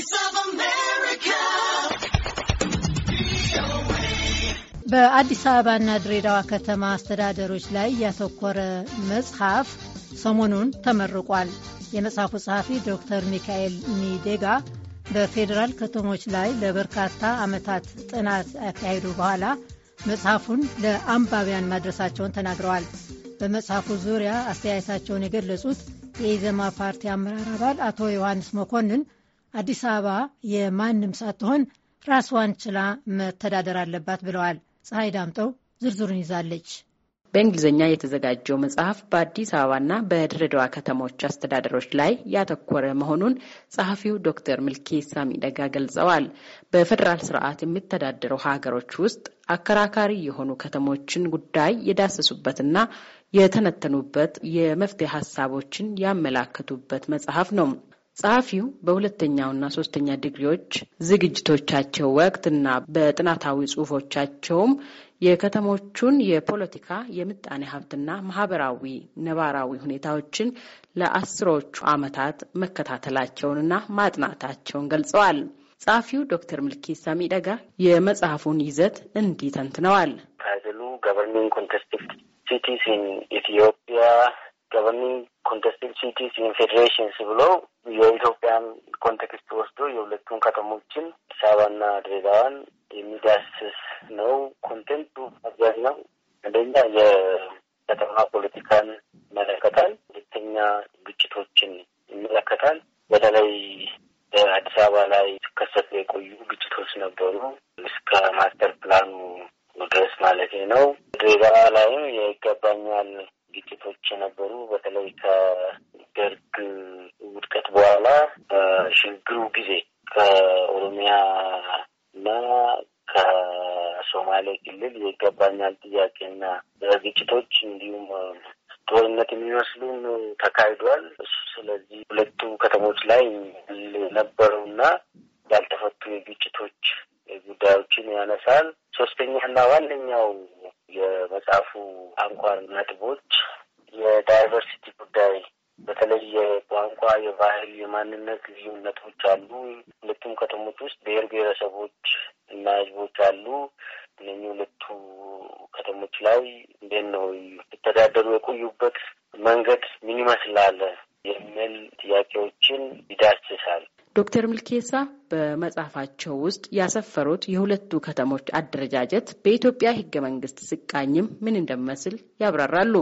Voice of America. በአዲስ አበባና ድሬዳዋ ከተማ አስተዳደሮች ላይ ያተኮረ መጽሐፍ ሰሞኑን ተመርቋል። የመጽሐፉ ጸሐፊ ዶክተር ሚካኤል ሚዴጋ በፌዴራል ከተሞች ላይ ለበርካታ ዓመታት ጥናት ያካሄዱ በኋላ መጽሐፉን ለአንባቢያን ማድረሳቸውን ተናግረዋል። በመጽሐፉ ዙሪያ አስተያየታቸውን የገለጹት የኢዘማ ፓርቲ አመራር አባል አቶ ዮሐንስ መኮንን አዲስ አበባ የማንም ሳትሆን ራስዋን ችላ መተዳደር አለባት ብለዋል። ፀሐይ ዳምጠው ዝርዝሩን ይዛለች። በእንግሊዝኛ የተዘጋጀው መጽሐፍ በአዲስ አበባና በድሬዳዋ ከተሞች አስተዳደሮች ላይ ያተኮረ መሆኑን ጸሐፊው ዶክተር ምልኬ ሳሚደጋ ገልጸዋል። በፌዴራል ስርዓት የሚተዳደሩ ሀገሮች ውስጥ አከራካሪ የሆኑ ከተሞችን ጉዳይ የዳሰሱበትና የተነተኑበት የመፍትሄ ሀሳቦችን ያመላከቱበት መጽሐፍ ነው። ጸሐፊው በሁለተኛውና ሶስተኛ ዲግሪዎች ዝግጅቶቻቸው ወቅት እና በጥናታዊ ጽሁፎቻቸውም የከተሞቹን የፖለቲካ የምጣኔ ሀብትና ማህበራዊ ነባራዊ ሁኔታዎችን ለአስሮቹ ዓመታት መከታተላቸውንና ማጥናታቸውን ገልጸዋል። ጸሐፊው ዶክተር ምልኪሳ ሚደጋ የመጽሐፉን ይዘት እንዲህ ተንትነዋል። ታይትሉ ገቨርኒንግ ኮንቴስቲቭ ሲቲስ ኢን ኢትዮጵያ ገቨርኒንግ ኮንቴስቲንግ ሲቲስ ኢን ፌዴሬሽንስ ብሎ የኢትዮጵያን ኮንቴክስት ወስዶ የሁለቱን ከተሞችን አዲስ አበባና ድሬዳዋን የሚዳስስ ነው። ኮንቴንቱ ነው። አንደኛ የከተማ ፖለቲካን ይመለከታል። ሁለተኛ ግጭቶችን ይመለከታል። በተለይ በአዲስ አበባ ላይ ሲከሰቱ የቆዩ ግጭቶች ነበሩ እስከ ማስተር ፕላኑ ድረስ ማለት ነው። ድሬዳዋ ላይም የይገባኛል ሀገሮች የነበሩ በተለይ ከደርግ ውድቀት በኋላ በሽግግሩ ጊዜ ከኦሮሚያ ከሶማሌ ክልል የይገባኛል ጥያቄና ግጭቶች እንዲሁም ጦርነት የሚመስሉን ተካሂዷል። ስለዚህ ሁለቱ ከተሞች ላይ ነበሩና ያልተፈቱ የግጭቶች ጉዳዮችን ያነሳል። ሶስተኛና ዋነኛው የመጽሐፉ አንኳር ነጥቦች የዳይቨርሲቲ ጉዳይ በተለይ የቋንቋ፣ የባህል፣ የማንነት ልዩነቶች አሉ። ሁለቱም ከተሞች ውስጥ ብሔር ብሔረሰቦች እና ህዝቦች አሉ። እነኚህ ሁለቱ ከተሞች ላይ እንዴት ነው የተዳደሩ የቆዩበት መንገድ ምን ይመስላል የሚል ጥያቄዎችን ይዳስሳል። ዶክተር ምልኬሳ በመጽሐፋቸው ውስጥ ያሰፈሩት የሁለቱ ከተሞች አደረጃጀት በኢትዮጵያ ህገ መንግስት ስቃኝም ምን እንደሚመስል ያብራራሉ።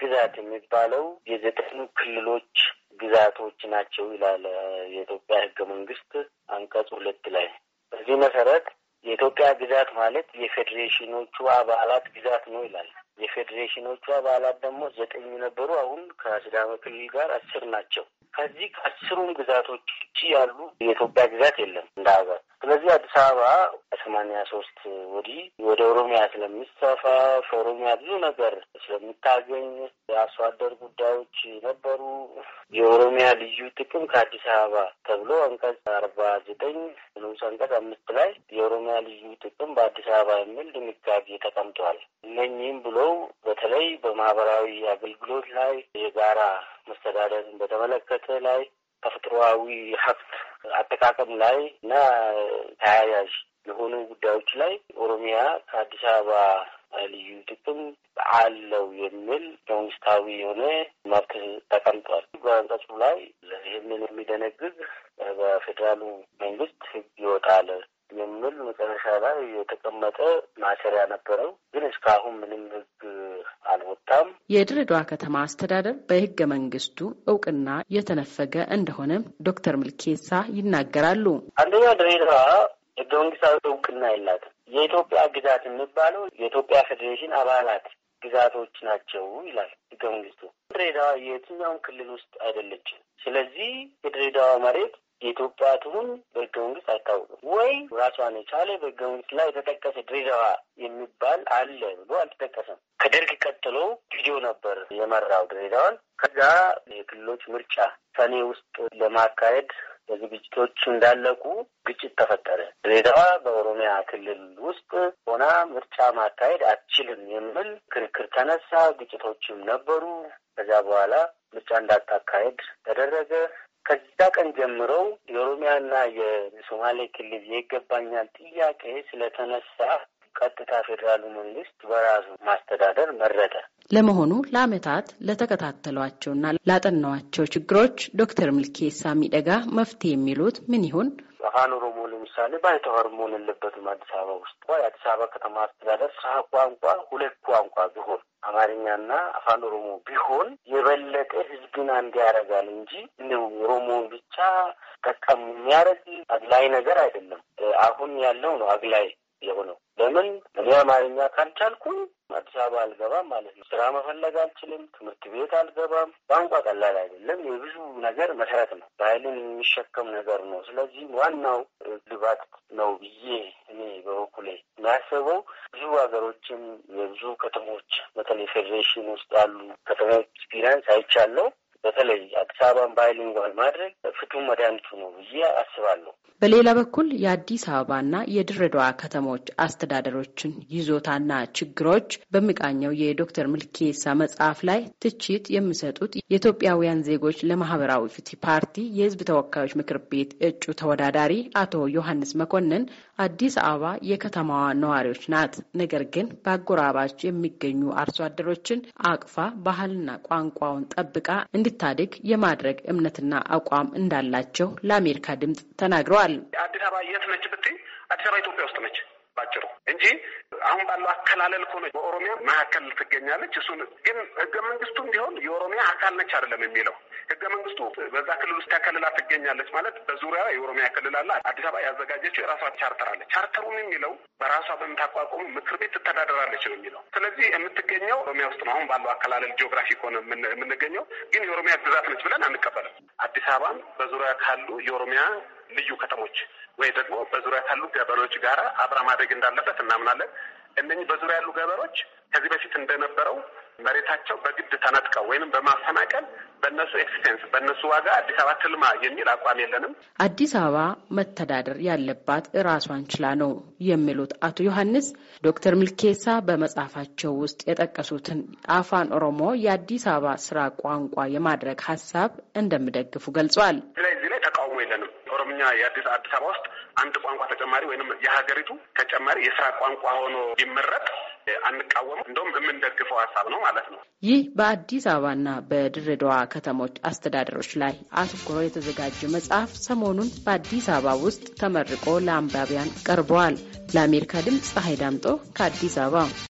ግዛት የሚባለው የዘጠኙ ክልሎች ግዛቶች ናቸው ይላል የኢትዮጵያ ህገ መንግስት አንቀጽ ሁለት ላይ። በዚህ መሰረት የኢትዮጵያ ግዛት ማለት የፌዴሬሽኖቹ አባላት ግዛት ነው ይላል። የፌዴሬሽኖቹ አባላት ደግሞ ዘጠኝ ነበሩ። አሁን ከሲዳማ ክልል ጋር አስር ናቸው። ከዚህ ከአስሩም ግዛቶች ውጭ ያሉ የኢትዮጵያ ግዛት የለም እንደ ሀገር። ስለዚህ አዲስ አበባ ከሰማንያ ሶስት ወዲህ ወደ ኦሮሚያ ስለሚሰፋ ከኦሮሚያ ብዙ ነገር ስለምታገኝ የአርሶ አደር ጉዳዮች ነበሩ። የኦሮሚያ ልዩ ጥቅም ከአዲስ አበባ ተብሎ አንቀጽ አርባ ዘጠኝ ንዑስ አንቀጽ አምስት ላይ የኦሮሚያ ልዩ ጥቅም በአዲስ አበባ የሚል ድንጋጌ ተቀምጧል። እነኚህም ብለው በተለይ በማህበራዊ አገልግሎት ላይ የጋራ መስተዳደርን በተመለከተ ላይ ተፈጥሯዊ ሀብት አጠቃቀም ላይ እና ተያያዥ የሆኑ ጉዳዮች ላይ ኦሮሚያ ከአዲስ አበባ ልዩ ጥቅም አለው የሚል መንግስታዊ የሆነ መብት ተቀምጧል። በአንቀጹ ላይ ይህንን የሚደነግግ በፌዴራሉ መንግስት ህግ ይወጣል የሚል መጨረሻ ላይ የተቀመጠ ማሰሪያ ነበረው። ግን እስካሁን ምንም ህግ አልወጣም። የድሬዳዋ ከተማ አስተዳደር በህገ መንግስቱ እውቅና የተነፈገ እንደሆነም ዶክተር ምልኬሳ ይናገራሉ። አንደኛ ድሬዳዋ ህገ መንግስታዊ እውቅና የላትም። የኢትዮጵያ ግዛት የሚባለው የኢትዮጵያ ፌዴሬሽን አባላት ግዛቶች ናቸው ይላል ህገ መንግስቱ። ድሬዳዋ የትኛውም ክልል ውስጥ አይደለችም። ስለዚህ የድሬዳዋ መሬት የኢትዮጵያ ትሁን በህገ መንግስት አይታወቅም ወይ ራሷን የቻለ በህገ መንግስት ላይ የተጠቀሰ ድሬዳዋ የሚባል አለ ብሎ አልተጠቀሰም። ከደርግ ቀጥሎ ጊዜው ነበር የመራው ድሬዳዋን። ከዛ የክልሎች ምርጫ ሰኔ ውስጥ ለማካሄድ ዝግጅቶች እንዳለቁ ግጭት ተፈጠረ። ድሬዳዋ በኦሮሚያ ክልል ውስጥ ሆና ምርጫ ማካሄድ አትችልም የሚል ክርክር ተነሳ። ግጭቶችም ነበሩ። ከዛ በኋላ ምርጫ እንዳታካሄድ ተደረገ። ከዛ ቀን ጀምረው የኦሮሚያና የሶማሌ ክልል የይገባኛል ጥያቄ ስለተነሳ ቀጥታ ፌዴራሉ መንግስት በራሱ ማስተዳደር መረጠ። ለመሆኑ ለአመታት ለተከታተሏቸውና ላጠናዋቸው ችግሮች ዶክተር ሚልኬሳ ሚደጋ መፍትሄ የሚሉት ምን ይሆን? አፋን ኦሮሞ ለምሳሌ ባይተዋር መሆን የለበትም። አዲስ አበባ ውስጥ የአዲስ አበባ ከተማ አስተዳደር ስራ ቋንቋ ሁለት ቋንቋ ቢሆን አማርኛና አፋን ኦሮሞ ቢሆን የበለጠ ህዝብን አንድ ያደርጋል እንጂ እንደው ኦሮሞን ብቻ ጠቀም የሚያደርግ አግላይ ነገር አይደለም። አሁን ያለው ነው አግላይ የሆነው። ለምን እኔ አማርኛ ካልቻልኩኝ አዲስ አበባ አልገባም ማለት ነው። ስራ መፈለግ አልችልም። ትምህርት ቤት አልገባም። ቋንቋ ቀላል አይደለም። የብዙ ነገር መሰረት ነው። ባህልን የሚሸከም ነገር ነው። ስለዚህ ዋናው ልባት ነው ብዬ እኔ በበኩሌ የሚያስበው ብዙ ሀገሮችም የብዙ ከተሞች በተለይ ፌዴሬሽን ውስጥ ያሉ ከተሞች ኤክስፒሪንስ አይቻለው በተለይ አዲስ አበባን ባይሊንጓል ማድረግ ፍቱ መድኃኒቱ ነው ብዬ አስባለሁ። በሌላ በኩል የአዲስ አበባና የድሬዳዋ ከተሞች አስተዳደሮችን ይዞታና ችግሮች በሚቃኘው የዶክተር ምልኬሳ መጽሐፍ ላይ ትችት የሚሰጡት የኢትዮጵያውያን ዜጎች ለማህበራዊ ፍትህ ፓርቲ የህዝብ ተወካዮች ምክር ቤት እጩ ተወዳዳሪ አቶ ዮሐንስ መኮንን አዲስ አበባ የከተማዋ ነዋሪዎች ናት፣ ነገር ግን በአጎራባች የሚገኙ አርሶ አደሮችን አቅፋ ባህልና ቋንቋውን ጠብቃ እንዲ እንድታድግ የማድረግ እምነትና አቋም እንዳላቸው ለአሜሪካ ድምፅ ተናግረዋል። አዲስ አበባ የት ነች ብትይ፣ አዲስ አበባ ኢትዮጵያ ውስጥ ነች ባጭሩ እንጂ አሁን ባለው አከላለል እኮ በኦሮሚያ መካከል ትገኛለች። እሱን ግን ህገ መንግስቱም ቢሆን የኦሮሚያ አካል ነች አይደለም የሚለው ህገ መንግስቱ በዛ ክልል ውስጥ ተከልላ ትገኛለች ማለት በዙሪያ የኦሮሚያ ክልል አለ። አዲስ አበባ ያዘጋጀችው የራሷ ቻርተር አለ። ቻርተሩን የሚለው በራሷ በምታቋቁም ምክር ቤት ትተዳደራለች ነው የሚለው። ስለዚህ የምትገኘው ኦሮሚያ ውስጥ ነው። አሁን ባለው አከላለል ጂኦግራፊ ሆነ የምንገኘው ግን የኦሮሚያ ግዛት ነች ብለን አንቀበልም። አዲስ አበባን በዙሪያ ካሉ የኦሮሚያ ልዩ ከተሞች ወይ ደግሞ በዙሪያ ካሉ ገበሬዎች ጋራ አብራ ማደግ እንዳለበት እናምናለን። እነኚህ በዙሪያ ያሉ ገበሮች ከዚህ በፊት እንደነበረው መሬታቸው በግድ ተነጥቀው ወይም በማፈናቀል በእነሱ ኤክስፔንስ በእነሱ ዋጋ አዲስ አበባ ትልማ የሚል አቋም የለንም። አዲስ አበባ መተዳደር ያለባት ራሷን ችላ ነው የሚሉት አቶ ዮሐንስ ዶክተር ሚልኬሳ በመጽሐፋቸው ውስጥ የጠቀሱትን አፋን ኦሮሞ የአዲስ አበባ ስራ ቋንቋ የማድረግ ሀሳብ እንደሚደግፉ ገልጿል። የአዲስ አዲስ አበባ ውስጥ አንድ ቋንቋ ተጨማሪ ወይም የሀገሪቱ ተጨማሪ የስራ ቋንቋ ሆኖ ቢመረጥ አንቃወሙ፣ እንደውም የምንደግፈው ሀሳብ ነው ማለት ነው። ይህ በአዲስ አበባና በድሬዳዋ ከተሞች አስተዳደሮች ላይ አትኩሮ የተዘጋጀ መጽሐፍ ሰሞኑን በአዲስ አበባ ውስጥ ተመርቆ ለአንባቢያን ቀርበዋል። ለአሜሪካ ድምፅ ፀሐይ ዳምጦ ከአዲስ አበባ